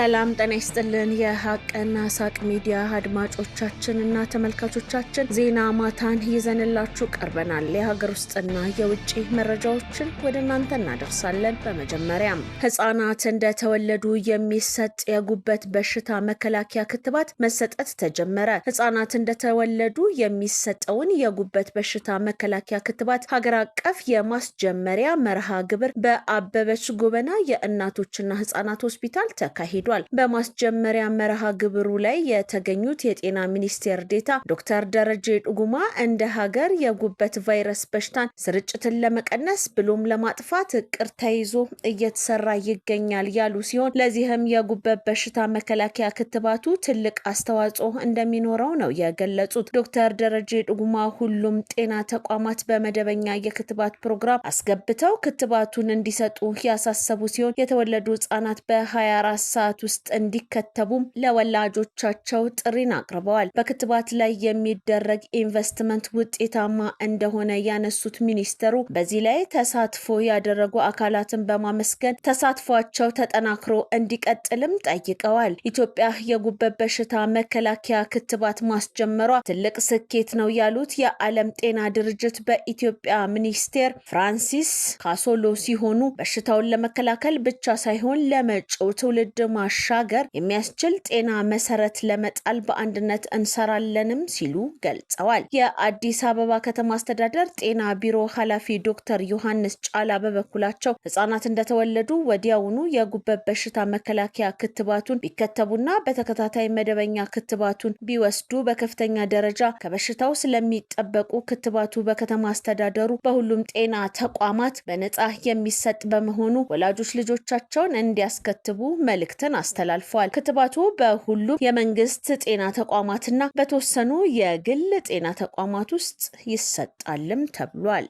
ሰላም ጤና ይስጥልን። የሀቅና ሳቅ ሚዲያ አድማጮቻችን እና ተመልካቾቻችን ዜና ማታን ይዘንላችሁ ቀርበናል። የሀገር ውስጥና የውጭ መረጃዎችን ወደ እናንተ እናደርሳለን። በመጀመሪያም ህጻናት እንደተወለዱ የሚሰጥ የጉበት በሽታ መከላከያ ክትባት መሰጠት ተጀመረ። ህጻናት እንደተወለዱ የሚሰጠውን የጉበት በሽታ መከላከያ ክትባት ሀገር አቀፍ የማስጀመሪያ መርሃ ግብር በአበበች ጎበና የእናቶችና ህጻናት ሆስፒታል ተካሂዷል። ተካሂዷል። በማስጀመሪያ መርሃ ግብሩ ላይ የተገኙት የጤና ሚኒስቴር ዴታ ዶክተር ደረጀ ዱጉማ እንደ ሀገር የጉበት ቫይረስ በሽታን ስርጭትን ለመቀነስ ብሎም ለማጥፋት እቅድ ተይዞ እየተሰራ ይገኛል ያሉ ሲሆን ለዚህም የጉበት በሽታ መከላከያ ክትባቱ ትልቅ አስተዋጽኦ እንደሚኖረው ነው የገለጹት። ዶክተር ደረጀ ዱጉማ ሁሉም ጤና ተቋማት በመደበኛ የክትባት ፕሮግራም አስገብተው ክትባቱን እንዲሰጡ ያሳሰቡ ሲሆን የተወለዱ ህጻናት በ24 ሰዓት ስርዓት ውስጥ እንዲከተቡም ለወላጆቻቸው ጥሪን አቅርበዋል። በክትባት ላይ የሚደረግ ኢንቨስትመንት ውጤታማ እንደሆነ ያነሱት ሚኒስተሩ በዚህ ላይ ተሳትፎ ያደረጉ አካላትን በማመስገን ተሳትፏቸው ተጠናክሮ እንዲቀጥልም ጠይቀዋል። ኢትዮጵያ የጉበት በሽታ መከላከያ ክትባት ማስጀመሯ ትልቅ ስኬት ነው ያሉት የዓለም ጤና ድርጅት በኢትዮጵያ ሚኒስቴር ፍራንሲስ ካሶሎ ሲሆኑ በሽታውን ለመከላከል ብቻ ሳይሆን ለመጪው ትውልድ ማሻገር የሚያስችል ጤና መሰረት ለመጣል በአንድነት እንሰራለንም ሲሉ ገልጸዋል። የአዲስ አበባ ከተማ አስተዳደር ጤና ቢሮ ኃላፊ ዶክተር ዮሐንስ ጫላ በበኩላቸው ህጻናት እንደተወለዱ ወዲያውኑ የጉበት በሽታ መከላከያ ክትባቱን ቢከተቡና በተከታታይ መደበኛ ክትባቱን ቢወስዱ በከፍተኛ ደረጃ ከበሽታው ስለሚጠበቁ ክትባቱ በከተማ አስተዳደሩ በሁሉም ጤና ተቋማት በነጻ የሚሰጥ በመሆኑ ወላጆች ልጆቻቸውን እንዲያስከትቡ መልእክትን መልእክትን አስተላልፏል። ክትባቱ በሁሉም የመንግስት ጤና ተቋማትና በተወሰኑ የግል ጤና ተቋማት ውስጥ ይሰጣልም ተብሏል።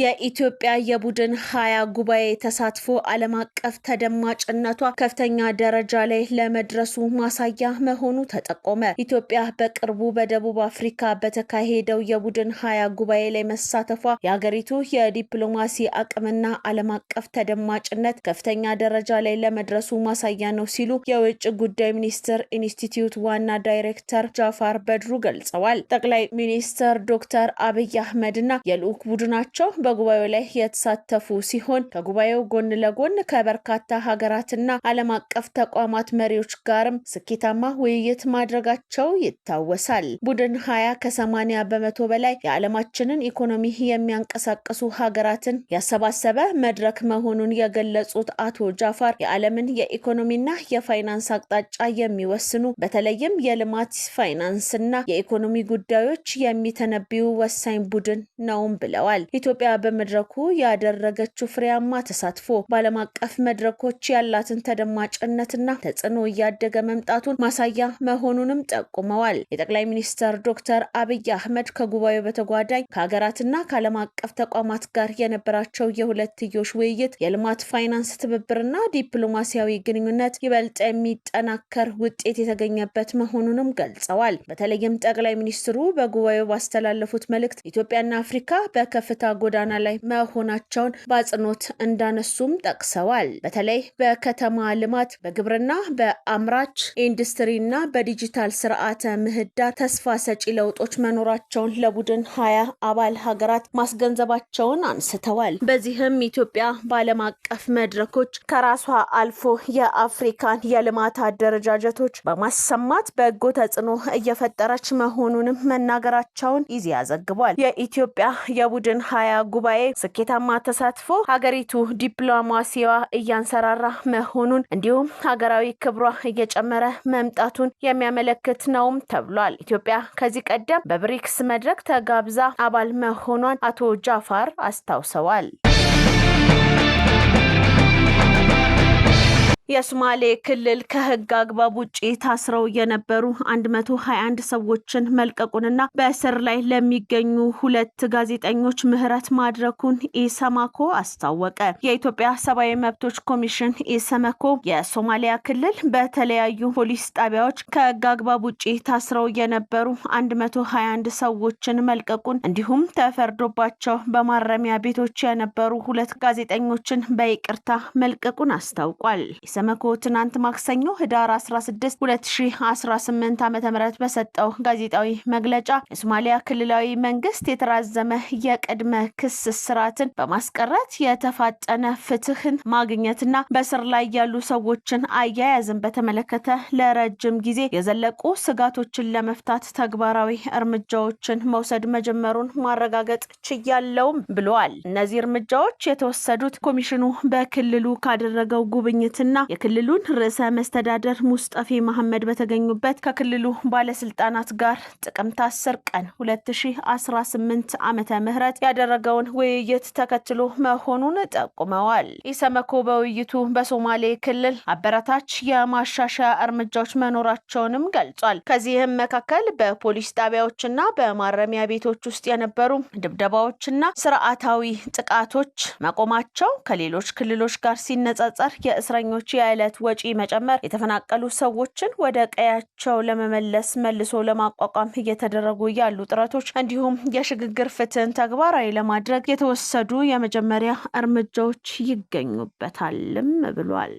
የኢትዮጵያ የቡድን ሀያ ጉባኤ ተሳትፎ ዓለም አቀፍ ተደማጭነቷ ከፍተኛ ደረጃ ላይ ለመድረሱ ማሳያ መሆኑ ተጠቆመ። ኢትዮጵያ በቅርቡ በደቡብ አፍሪካ በተካሄደው የቡድን ሀያ ጉባኤ ላይ መሳተፏ የሀገሪቱ የዲፕሎማሲ አቅምና ዓለም አቀፍ ተደማጭነት ከፍተኛ ደረጃ ላይ ለመድረሱ ማሳያ ነው ሲሉ የውጭ ጉዳይ ሚኒስቴር ኢንስቲትዩት ዋና ዳይሬክተር ጃፋር በድሩ ገልጸዋል። ጠቅላይ ሚኒስትር ዶክተር አብይ አህመድና የልዑክ ቡድናቸው በጉባኤው ላይ የተሳተፉ ሲሆን ከጉባኤው ጎን ለጎን ከበርካታ ሀገራትና ዓለም አቀፍ ተቋማት መሪዎች ጋርም ስኬታማ ውይይት ማድረጋቸው ይታወሳል። ቡድን ሀያ ከሰማኒያ በመቶ በላይ የዓለማችንን ኢኮኖሚ የሚያንቀሳቅሱ ሀገራትን ያሰባሰበ መድረክ መሆኑን የገለጹት አቶ ጃፋር የዓለምን የኢኮኖሚና የፋይናንስ አቅጣጫ የሚወስኑ በተለይም የልማት ፋይናንስና የኢኮኖሚ ጉዳዮች የሚተነብዩ ወሳኝ ቡድን ነውም ብለዋል። ኢትዮጵያ በመድረኩ ያደረገችው ፍሬያማ ተሳትፎ በዓለም አቀፍ መድረኮች ያላትን ተደማጭነትና ተጽዕኖ እያደገ መምጣቱን ማሳያ መሆኑንም ጠቁመዋል። የጠቅላይ ሚኒስትር ዶክተር አብይ አህመድ ከጉባኤው በተጓዳኝ ከሀገራትና ከዓለም አቀፍ ተቋማት ጋር የነበራቸው የሁለትዮሽ ውይይት የልማት ፋይናንስ ትብብርና ዲፕሎማሲያዊ ግንኙነት ይበልጥ የሚጠናከር ውጤት የተገኘበት መሆኑንም ገልጸዋል። በተለይም ጠቅላይ ሚኒስትሩ በጉባኤው ባስተላለፉት መልእክት ኢትዮጵያና አፍሪካ በከፍታ ጎዳና ጎዳና ላይ መሆናቸውን በአጽንኦት እንዳነሱም ጠቅሰዋል። በተለይ በከተማ ልማት፣ በግብርና፣ በአምራች ኢንዱስትሪና በዲጂታል ስርዓተ ምህዳር ተስፋ ሰጪ ለውጦች መኖራቸውን ለቡድን ሀያ አባል ሀገራት ማስገንዘባቸውን አንስተዋል። በዚህም ኢትዮጵያ በዓለም አቀፍ መድረኮች ከራሷ አልፎ የአፍሪካን የልማት አደረጃጀቶች በማሰማት በጎ ተጽዕኖ እየፈጠረች መሆኑንም መናገራቸውን ኢዜአ ዘግቧል። የኢትዮጵያ የቡድን ሀያ ጉባኤ ስኬታማ ተሳትፎ ሀገሪቱ ዲፕሎማሲዋ እያንሰራራ መሆኑን እንዲሁም ሀገራዊ ክብሯ እየጨመረ መምጣቱን የሚያመለክት ነውም ተብሏል። ኢትዮጵያ ከዚህ ቀደም በብሪክስ መድረክ ተጋብዛ አባል መሆኗን አቶ ጃፋር አስታውሰዋል። የሶማሌ ክልል ከህግ አግባብ ውጪ ታስረው የነበሩ 121 ሰዎችን መልቀቁንና በእስር ላይ ለሚገኙ ሁለት ጋዜጠኞች ምህረት ማድረጉን ኢሰማኮ አስታወቀ። የኢትዮጵያ ሰብአዊ መብቶች ኮሚሽን ኢሰመኮ የሶማሊያ ክልል በተለያዩ ፖሊስ ጣቢያዎች ከህግ አግባብ ውጪ ታስረው የነበሩ 121 ሰዎችን መልቀቁን እንዲሁም ተፈርዶባቸው በማረሚያ ቤቶች የነበሩ ሁለት ጋዜጠኞችን በይቅርታ መልቀቁን አስታውቋል። ኢሰመኮ ትናንት ማክሰኞ ህዳር 16 2018 ዓ ም በሰጠው ጋዜጣዊ መግለጫ የሶማሊያ ክልላዊ መንግስት የተራዘመ የቅድመ ክስ ስርዓትን በማስቀረት የተፋጠነ ፍትህን ማግኘትና በስር ላይ ያሉ ሰዎችን አያያዝን በተመለከተ ለረጅም ጊዜ የዘለቁ ስጋቶችን ለመፍታት ተግባራዊ እርምጃዎችን መውሰድ መጀመሩን ማረጋገጥ ችያለውም ብለዋል። እነዚህ እርምጃዎች የተወሰዱት ኮሚሽኑ በክልሉ ካደረገው ጉብኝትና የክልሉን ርዕሰ መስተዳደር ሙስጠፌ መሐመድ በተገኙበት ከክልሉ ባለስልጣናት ጋር ጥቅምት 10 ቀን 2018 ዓመተ ምህረት ያደረገውን ውይይት ተከትሎ መሆኑን ጠቁመዋል። ኢሰመኮ በውይይቱ በሶማሌ ክልል አበረታች የማሻሻያ እርምጃዎች መኖራቸውንም ገልጿል። ከዚህም መካከል በፖሊስ ጣቢያዎችና በማረሚያ ቤቶች ውስጥ የነበሩ ድብደባዎችና ስርዓታዊ ጥቃቶች መቆማቸው፣ ከሌሎች ክልሎች ጋር ሲነጻጸር የእስረኞች የዕለት ወጪ መጨመር የተፈናቀሉ ሰዎችን ወደ ቀያቸው ለመመለስ መልሶ ለማቋቋም እየተደረጉ ያሉ ጥረቶች እንዲሁም የሽግግር ፍትህን ተግባራዊ ለማድረግ የተወሰዱ የመጀመሪያ እርምጃዎች ይገኙበታልም ብሏል።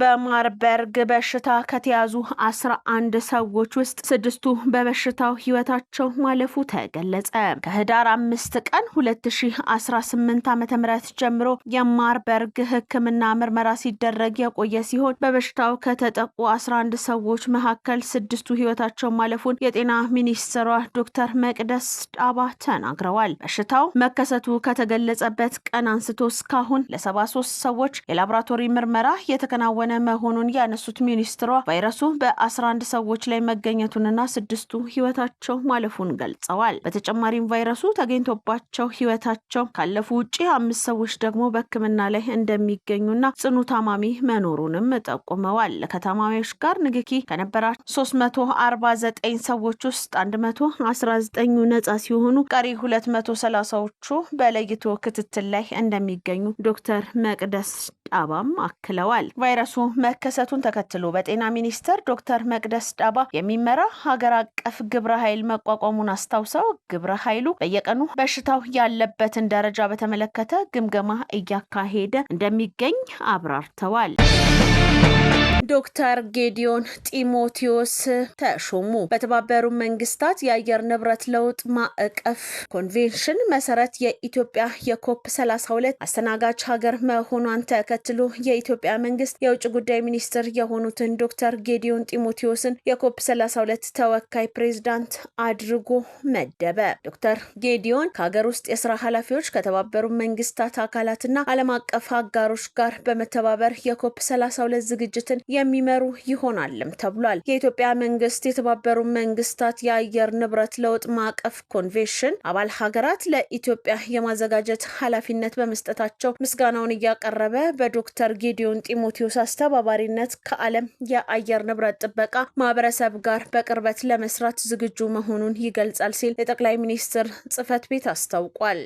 በማርበርግ በሽታ ከተያዙ አስራ አንድ ሰዎች ውስጥ ስድስቱ በበሽታው ህይወታቸው ማለፉ ተገለጸ። ከህዳር አምስት ቀን 2018 ዓ ም ጀምሮ የማርበርግ ህክምና ምርመራ ሲደረግ የቆየ ሲሆን በበሽታው ከተጠቁ 11 ሰዎች መካከል ስድስቱ ህይወታቸው ማለፉን የጤና ሚኒስትሯ ዶክተር መቅደስ ዳባ ተናግረዋል። በሽታው መከሰቱ ከተገለጸበት ቀን አንስቶ እስካሁን ለ73 ሰዎች የላቦራቶሪ ምርመራ የተከናወ እየተከናወነ መሆኑን ያነሱት ሚኒስትሯ ቫይረሱ በ11 ሰዎች ላይ መገኘቱንና ስድስቱ ህይወታቸው ማለፉን ገልጸዋል። በተጨማሪም ቫይረሱ ተገኝቶባቸው ህይወታቸው ካለፉ ውጪ አምስት ሰዎች ደግሞ በህክምና ላይ እንደሚገኙና ጽኑ ታማሚ መኖሩንም ጠቁመዋል። ከታማሚዎች ጋር ንግኪ ከነበራቸው 349 ሰዎች ውስጥ 119 ነጻ ሲሆኑ ቀሪ 230ዎቹ በለይቶ ክትትል ላይ እንደሚገኙ ዶክተር መቅደስ ዳባም አክለዋል። ቫይረሱ መከሰቱን ተከትሎ በጤና ሚኒስቴር ዶክተር መቅደስ ዳባ የሚመራ ሀገር አቀፍ ግብረ ኃይል መቋቋሙን አስታውሰው ግብረ ኃይሉ በየቀኑ በሽታው ያለበትን ደረጃ በተመለከተ ግምገማ እያካሄደ እንደሚገኝ አብራርተዋል። ዶክተር ጌዲዮን ጢሞቴዎስ ተሾሙ። በተባበሩ መንግስታት የአየር ንብረት ለውጥ ማዕቀፍ ኮንቬንሽን መሰረት የኢትዮጵያ የኮፕ 32 አስተናጋጅ ሀገር መሆኗን ተከትሎ የኢትዮጵያ መንግስት የውጭ ጉዳይ ሚኒስትር የሆኑትን ዶክተር ጌዲዮን ጢሞቴዎስን የኮፕ 32 ተወካይ ፕሬዚዳንት አድርጎ መደበ። ዶክተር ጌዲዮን ከሀገር ውስጥ የስራ ኃላፊዎች ከተባበሩ መንግስታት አካላትና ዓለም አቀፍ አጋሮች ጋር በመተባበር የኮፕ 32 ዝግጅትን የሚመሩ ይሆናልም ተብሏል። የኢትዮጵያ መንግስት የተባበሩ መንግስታት የአየር ንብረት ለውጥ ማዕቀፍ ኮንቬንሽን አባል ሀገራት ለኢትዮጵያ የማዘጋጀት ኃላፊነት በመስጠታቸው ምስጋናውን እያቀረበ በዶክተር ጌዲዮን ጢሞቴዎስ አስተባባሪነት ከዓለም የአየር ንብረት ጥበቃ ማህበረሰብ ጋር በቅርበት ለመስራት ዝግጁ መሆኑን ይገልጻል ሲል የጠቅላይ ሚኒስትር ጽህፈት ቤት አስታውቋል።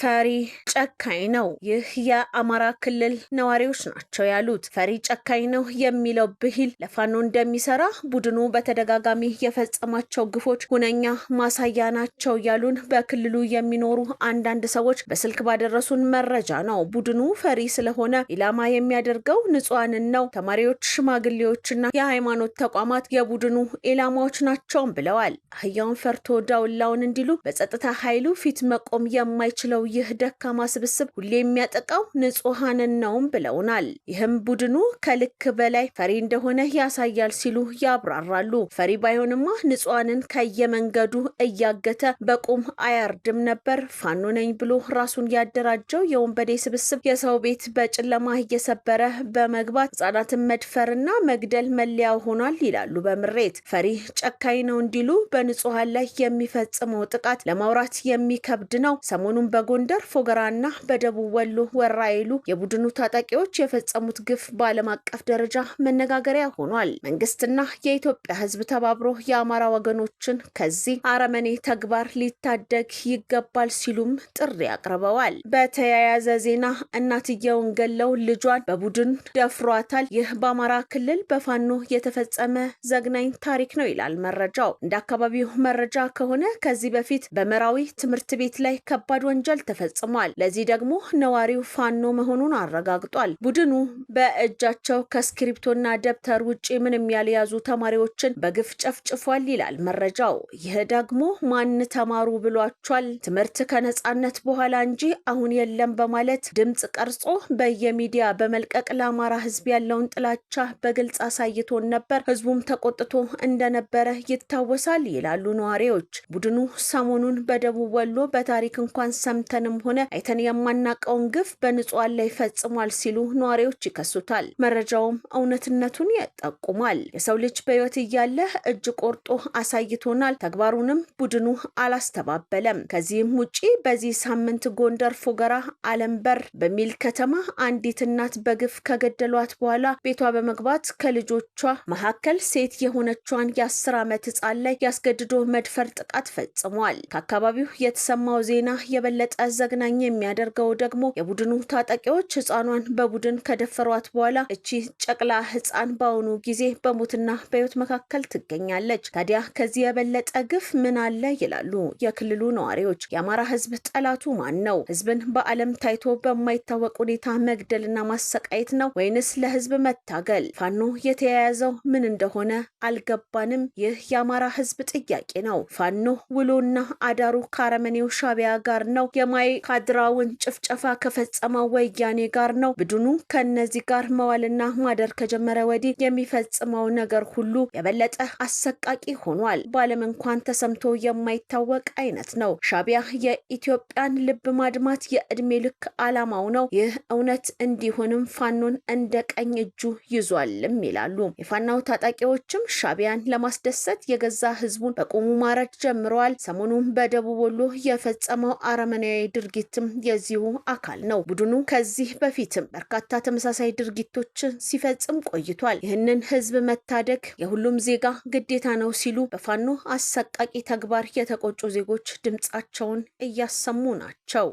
ፈሪ ጨካኝ ነው። ይህ የአማራ ክልል ነዋሪዎች ናቸው ያሉት። ፈሪ ጨካኝ ነው የሚለው ብሂል ለፋኖ እንደሚሰራ ቡድኑ በተደጋጋሚ የፈጸማቸው ግፎች ሁነኛ ማሳያ ናቸው ያሉን በክልሉ የሚኖሩ አንዳንድ ሰዎች በስልክ ባደረሱን መረጃ ነው። ቡድኑ ፈሪ ስለሆነ ኢላማ የሚያደርገው ንጹሐንን ነው። ተማሪዎች፣ ሽማግሌዎችና የሃይማኖት ተቋማት የቡድኑ ኢላማዎች ናቸውም ብለዋል። አህያውን ፈርቶ ዳውላውን እንዲሉ በጸጥታ ኃይሉ ፊት መቆም የማይችለው የሚችለው ይህ ደካማ ስብስብ ሁሌ የሚያጠቃው ንጹሐንን ነውም ብለውናል። ይህም ቡድኑ ከልክ በላይ ፈሪ እንደሆነ ያሳያል ሲሉ ያብራራሉ። ፈሪ ባይሆንማ ንጹሐንን ከየመንገዱ እያገተ በቁም አያርድም ነበር። ፋኖ ነኝ ብሎ ራሱን ያደራጀው የወንበዴ ስብስብ የሰው ቤት በጨለማ እየሰበረ በመግባት ህጻናትን መድፈርና መግደል መለያው ሆኗል ይላሉ በምሬት። ፈሪ ጨካኝ ነው እንዲሉ በንጹሐን ላይ የሚፈጽመው ጥቃት ለማውራት የሚከብድ ነው። ሰሞኑን በ በጎንደር ፎገራና በደቡብ ወሎ ወራይሉ የቡድኑ ታጣቂዎች የፈጸሙት ግፍ በዓለም አቀፍ ደረጃ መነጋገሪያ ሆኗል። መንግስትና የኢትዮጵያ ሕዝብ ተባብሮ የአማራ ወገኖችን ከዚህ አረመኔ ተግባር ሊታደግ ይገባል ሲሉም ጥሪ አቅርበዋል። በተያያዘ ዜና እናትየውን ገለው ልጇን በቡድን ደፍሯታል። ይህ በአማራ ክልል በፋኖ የተፈጸመ ዘግናኝ ታሪክ ነው ይላል መረጃው። እንደ አካባቢው መረጃ ከሆነ ከዚህ በፊት በመራዊ ትምህርት ቤት ላይ ከባድ ወንጀል ወንጀል ተፈጽሟል። ለዚህ ደግሞ ነዋሪው ፋኖ መሆኑን አረጋግጧል። ቡድኑ በእጃቸው ከእስክሪብቶና ደብተር ውጭ ምንም ያልያዙ ተማሪዎችን በግፍ ጨፍጭፏል ይላል መረጃው። ይህ ደግሞ ማን ተማሩ ብሏቸዋል? ትምህርት ከነጻነት በኋላ እንጂ አሁን የለም በማለት ድምፅ ቀርጾ በየሚዲያ በመልቀቅ ለአማራ ህዝብ ያለውን ጥላቻ በግልጽ አሳይቶን ነበር። ህዝቡም ተቆጥቶ እንደነበረ ይታወሳል ይላሉ ነዋሪዎች። ቡድኑ ሰሞኑን በደቡብ ወሎ በታሪክ እንኳን ሰምተ ሰምተንም ሆነ አይተን የማናቀውን ግፍ በንጹዋን ላይ ፈጽሟል ሲሉ ነዋሪዎች ይከሱታል። መረጃውም እውነትነቱን ያጠቁማል። የሰው ልጅ በሕይወት እያለ እጅ ቆርጦ አሳይቶናል። ተግባሩንም ቡድኑ አላስተባበለም። ከዚህም ውጪ በዚህ ሳምንት ጎንደር ፎገራ አለምበር በሚል ከተማ አንዲት እናት በግፍ ከገደሏት በኋላ ቤቷ በመግባት ከልጆቿ መካከል ሴት የሆነቿን የአስር ዓመት ህፃን ላይ ያስገድዶ መድፈር ጥቃት ፈጽሟል። ከአካባቢው የተሰማው ዜና የበለጠ የበለጠ ዘግናኝ የሚያደርገው ደግሞ የቡድኑ ታጣቂዎች ህፃኗን በቡድን ከደፈሯት በኋላ እቺ ጨቅላ ህፃን በአሁኑ ጊዜ በሞትና በህይወት መካከል ትገኛለች። ታዲያ ከዚህ የበለጠ ግፍ ምን አለ ይላሉ የክልሉ ነዋሪዎች። የአማራ ህዝብ ጠላቱ ማን ነው? ህዝብን በዓለም ታይቶ በማይታወቅ ሁኔታ መግደልና ማሰቃየት ነው ወይንስ ለህዝብ መታገል? ፋኖ የተያያዘው ምን እንደሆነ አልገባንም። ይህ የአማራ ህዝብ ጥያቄ ነው። ፋኖ ውሎና አዳሩ ከአረመኔው ሻቢያ ጋር ነው። የማይካድራውን ጭፍጨፋ ከፈጸመው ወያኔ ጋር ነው። ቡድኑ ከእነዚህ ጋር መዋልና ማደር ከጀመረ ወዲህ የሚፈጽመው ነገር ሁሉ የበለጠ አሰቃቂ ሆኗል። በዓለም እንኳን ተሰምቶ የማይታወቅ አይነት ነው። ሻቢያ የኢትዮጵያን ልብ ማድማት የእድሜ ልክ ዓላማው ነው። ይህ እውነት እንዲሆንም ፋኖን እንደ ቀኝ እጁ ይዟልም ይላሉ። የፋናው ታጣቂዎችም ሻቢያን ለማስደሰት የገዛ ህዝቡን በቁሙ ማረድ ጀምረዋል። ሰሞኑን በደቡብ ወሎ የፈጸመው አረመና አረመኔያዊ ድርጊትም የዚሁ አካል ነው። ቡድኑ ከዚህ በፊትም በርካታ ተመሳሳይ ድርጊቶች ሲፈጽም ቆይቷል። ይህንን ህዝብ መታደግ የሁሉም ዜጋ ግዴታ ነው ሲሉ በፋኖ አሰቃቂ ተግባር የተቆጩ ዜጎች ድምጻቸውን እያሰሙ ናቸው።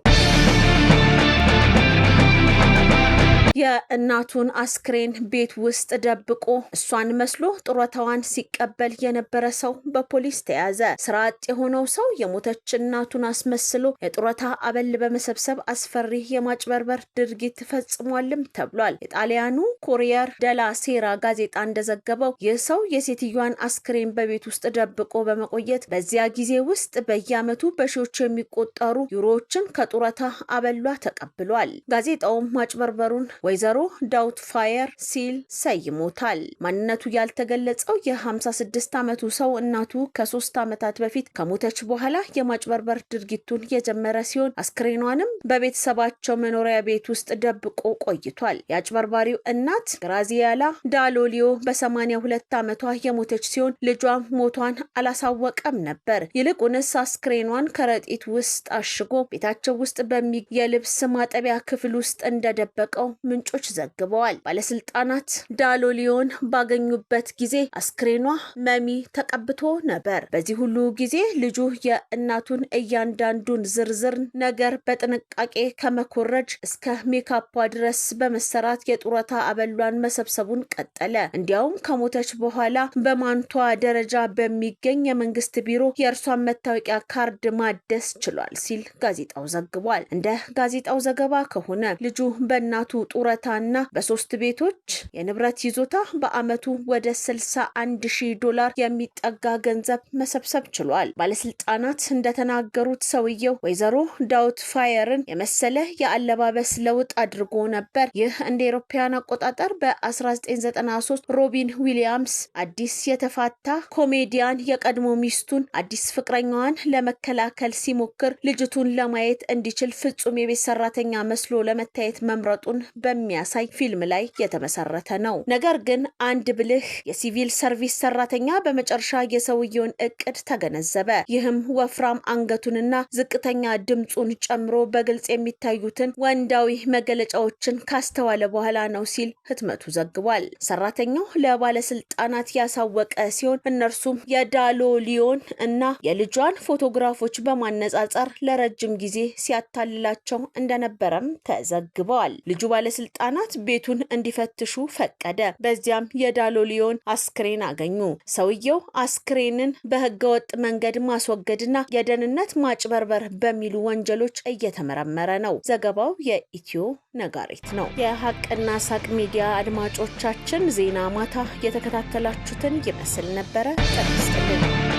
የእናቱን አስክሬን ቤት ውስጥ ደብቆ እሷን መስሎ ጡረታዋን ሲቀበል የነበረ ሰው በፖሊስ ተያዘ። ስራ አጥ የሆነው ሰው የሞተች እናቱን አስመስሎ የጡረታ አበል በመሰብሰብ አስፈሪ የማጭበርበር ድርጊት ፈጽሟልም ተብሏል። የጣሊያኑ ኮሪየር ደላ ሴራ ጋዜጣ እንደዘገበው ይህ ሰው የሴትዮዋን አስክሬን በቤት ውስጥ ደብቆ በመቆየት በዚያ ጊዜ ውስጥ በየዓመቱ በሺዎች የሚቆጠሩ ዩሮዎችን ከጡረታ አበሏ ተቀብሏል። ጋዜጣውም ማጭበርበሩን ወይዘሮ ዳውት ፋየር ሲል ሰይሞታል። ማንነቱ ያልተገለጸው የ56 ዓመቱ ሰው እናቱ ከሶስት ዓመታት በፊት ከሞተች በኋላ የማጭበርበር ድርጊቱን የጀመረ ሲሆን አስክሬኗንም በቤተሰባቸው መኖሪያ ቤት ውስጥ ደብቆ ቆይቷል። የአጭበርባሪው እናት ግራዚያላ ዳሎሊዮ በ82 ዓመቷ የሞተች ሲሆን ልጇም ሞቷን አላሳወቀም ነበር። ይልቁንስ አስክሬኗን ከረጢት ውስጥ አሽጎ ቤታቸው ውስጥ በሚ የልብስ ማጠቢያ ክፍል ውስጥ እንደደበቀው ምንጮች ዘግበዋል። ባለስልጣናት ዳሎሊዮን ባገኙበት ጊዜ አስክሬኗ መሚ ተቀብቶ ነበር። በዚህ ሁሉ ጊዜ ልጁ የእናቱን እያንዳንዱን ዝርዝር ነገር በጥንቃቄ ከመኮረጅ እስከ ሜካፓ ድረስ በመሰራት የጡረታ አበሏን መሰብሰቡን ቀጠለ። እንዲያውም ከሞተች በኋላ በማንቷ ደረጃ በሚገኝ የመንግስት ቢሮ የእርሷን መታወቂያ ካርድ ማደስ ችሏል ሲል ጋዜጣው ዘግቧል። እንደ ጋዜጣው ዘገባ ከሆነ ልጁ በእናቱ ጡረታና በሶስት ቤቶች የንብረት ይዞታ በአመቱ ወደ 61 ሺህ ዶላር የሚጠጋ ገንዘብ መሰብሰብ ችሏል። ባለስልጣናት እንደተናገሩት ሰውየው ወይዘሮ ዳውት ፋየርን የመሰለ የአለባበስ ለውጥ አድርጎ ነበር። ይህ እንደ ኤሮፓያን አቆጣጠር በ1993 ሮቢን ዊሊያምስ አዲስ የተፋታ ኮሜዲያን የቀድሞ ሚስቱን አዲስ ፍቅረኛዋን ለመከላከል ሲሞክር ልጅቱን ለማየት እንዲችል ፍጹም የቤት ሰራተኛ መስሎ ለመታየት መምረጡን በ በሚያሳይ ፊልም ላይ የተመሰረተ ነው። ነገር ግን አንድ ብልህ የሲቪል ሰርቪስ ሰራተኛ በመጨረሻ የሰውየውን እቅድ ተገነዘበ። ይህም ወፍራም አንገቱንና ዝቅተኛ ድምፁን ጨምሮ በግልጽ የሚታዩትን ወንዳዊ መገለጫዎችን ካስተዋለ በኋላ ነው ሲል ህትመቱ ዘግቧል። ሰራተኛው ለባለስልጣናት ያሳወቀ ሲሆን እነርሱም የዳሎሊዮን እና የልጇን ፎቶግራፎች በማነጻጸር ለረጅም ጊዜ ሲያታልላቸው እንደነበረም ተዘግበዋል። ልጁ ባለስልጣ ባለስልጣናት ቤቱን እንዲፈትሹ ፈቀደ። በዚያም የዳሎሊዮን አስክሬን አገኙ። ሰውየው አስክሬንን በህገወጥ መንገድ ማስወገድና የደህንነት ማጭበርበር በሚሉ ወንጀሎች እየተመረመረ ነው። ዘገባው የኢትዮ ነጋሪት ነው። የሀቅና ሳቅ ሚዲያ አድማጮቻችን ዜና ማታ የተከታተላችሁትን ይመስል ነበረ። ጠቅስጥልን